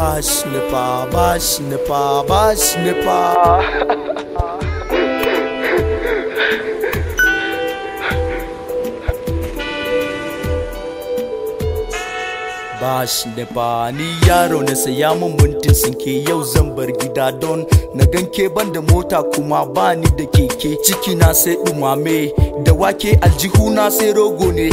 bash nipa bash nipa bash nipa bash ni yaro na saya mun mintin ke yau zan bar gida don na ganke ban da mota kuma ba ni da keke ciki na sai dumame da wake aljihu na sai rogo ne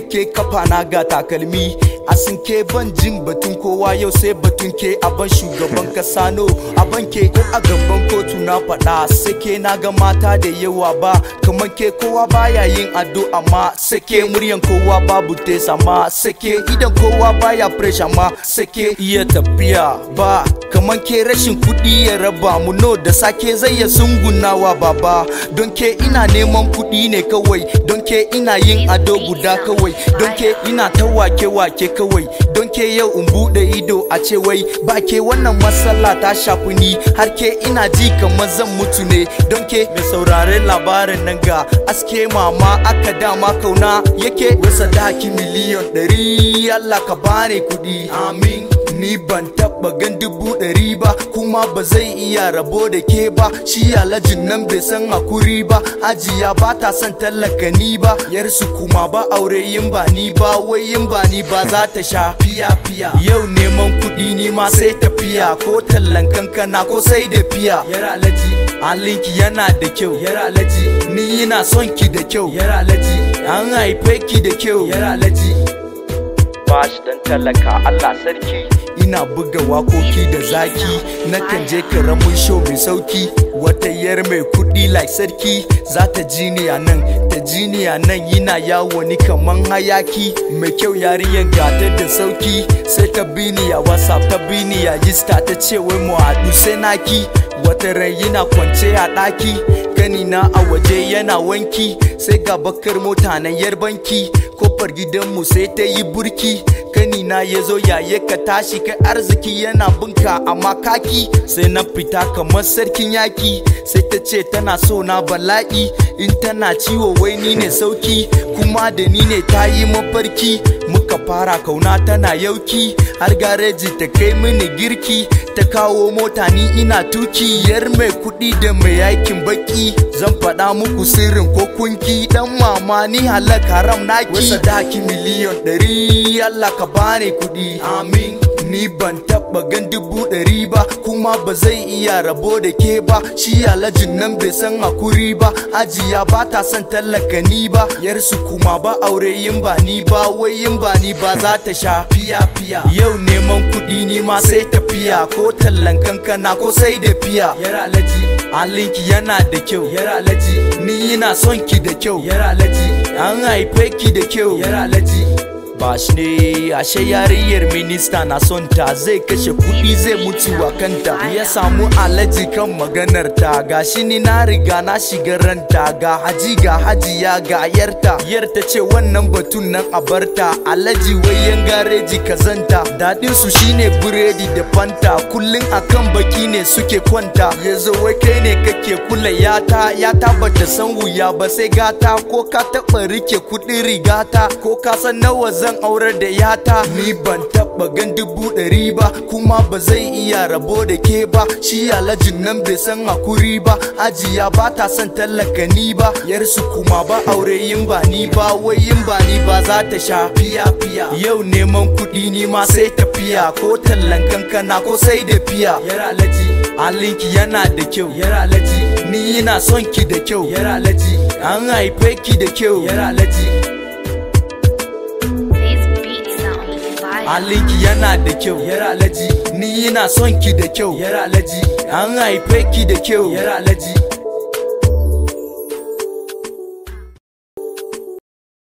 da ke kafa na ga takalmi a sinke ban jin batun kowa yau sai batun ke aban shugaban kasa no aban ke ko a gaban kotu na faɗa sai ke na ga mata da yawa ba kamar ke kowa baya yin ado amma sai ke muryan kowa babu tesa ma sai ke idan kowa baya fresh ma sai ke iya tafiya ba kamar ke rashin kuɗi ya raba mu no da sake zai ya sungunawa baba don ke ina neman kuɗi ne kawai don ke ina yin ado guda kawai don ke ina ta wake wake kawai don yau in bude ido a ce wai ba ke wannan matsala ta shafi ni har ke ina ji kamar zan mutu ne don ke mai sauraren labarin nan ga aske mama aka dama kauna yake wasa daki miliyan ɗari Allah ka bani kuɗi amin ni ban taɓa gan dubu ɗari ba kuma ba zai iya rabo da ke ba shi alajin nan bai san hakuri ba ajiya ba ta son tallaka ni ba yarsu kuma ba aure yin ba ni ba wai yin ba ni ba za ta sha fiya fiya yau neman kuɗi ne ma sai tafiya ko tallan kankana ko sai da fiya yara alaji halinki yana da kyau yara laji ni yana son ki da kyau yara laji an haife ki da kyau yara laji bashi dan talaka Allah sarki ina buga wakoki da zaki na kan je karamin show mai sauki wata yar mai kudi like sarki za ta ji ni a nan ta ji ni a nan yana yawo ni kaman hayaki mai kyau yarinyar gata da sauki sai ta bi ni a whatsapp ta bi ni a yista ta ce wai mu haɗu sai naki wata rai yana kwance a ɗaki gani na a waje yana wanki sai ga bakar mota nan yar banki ko kofar gidanmu sai ta yi burki kanina ya zo yaye ka tashi kai arziki yana bunka a makaki sai na fita kamar sarkin yaki sai ta ce tana so na bala'i in tana ciwo wai ni ne sauki kuma da ni ne ta yi mafarki muka fara kauna tana yauki har gareji ta kai mini girki ta kawo mota ni ina tuki yar mai kuɗi da mai yakin baki zan faɗa muku sirrin ko kunki dan mama ni halaka haram naki wasa daki miliyon ɗari Allah ka bani kuɗi amin ni ban taɓa gan dubu ɗari ba kuma ba zai iya rabo da ke ba shi alajin nan bai san hakuri ba ajiya ba ta son tallaka ni ba yarsu kuma ba aure yin ba ni ba wai yin ba ni ba za ta sha fiya fiya yau neman kuɗi ni ma sai tafiya ko tallan kankana ko sai da fiya yar alaji. halinki yana da kyau yar alaji ni yana son ki da kyau yar alaji an haife ki da kyau yar alaji ba shi ne ashe yarinyar minista na son ta zai kashe kudi zai mutu a kanta ya samu alaji kan maganar ta ga ni na riga na shiga ranta ga haji ga haji ya ga yarta yarta ce wannan batun nan a barta alaji wayan gareji kazanta daɗin su shine buredi da fanta kullun akan baki ne suke kwanta ya wai kai ne kake kula yata ta bata san wuya ba sai gata ko ka taɓa rike kuɗin rigata ko ka san nawa za zan aurar da yata ni ban taɓa gan dubu ɗari ba kuma ba zai iya rabo da ke ba shi alajin nan bai san hakuri ba ajiya ba ta son tallaka ni ba su kuma ba aure yin ba ni ba wai yin ba ni ba za ta sha fiya fiya yau neman kuɗi ni ma sai tafiya ko tallan kankana ko sai da fiya yar alaji alinki yana da kyau yar alaji ni ina son ki da kyau yar alaji an haife ki da kyau yar alaji aliki yana da kyau yar alaji ni yana son ki da kyau yar alaji an haife ki da kyau yar alaji